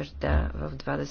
вечерта в